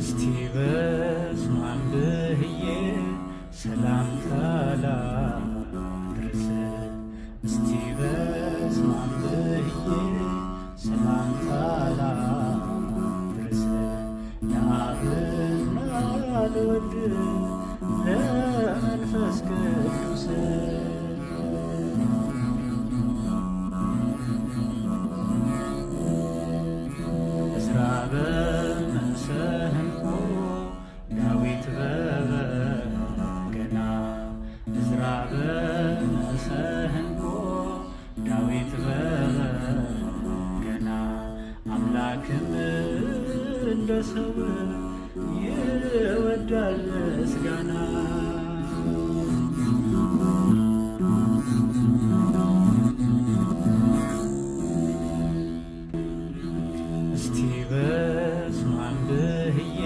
እስቲ በስመ አብ ብዬ ሰላምታ ላድርስ እስቲ ብዬ ሰላምታ ላድርስ ለአብና ለወልድ ለመንፈስ ቅዱስ በመሰንቆ ዳዊት በገና አምላክም እንደ ሰው ይወዳል ምስጋና እስቲ በስመ አብ ብዬ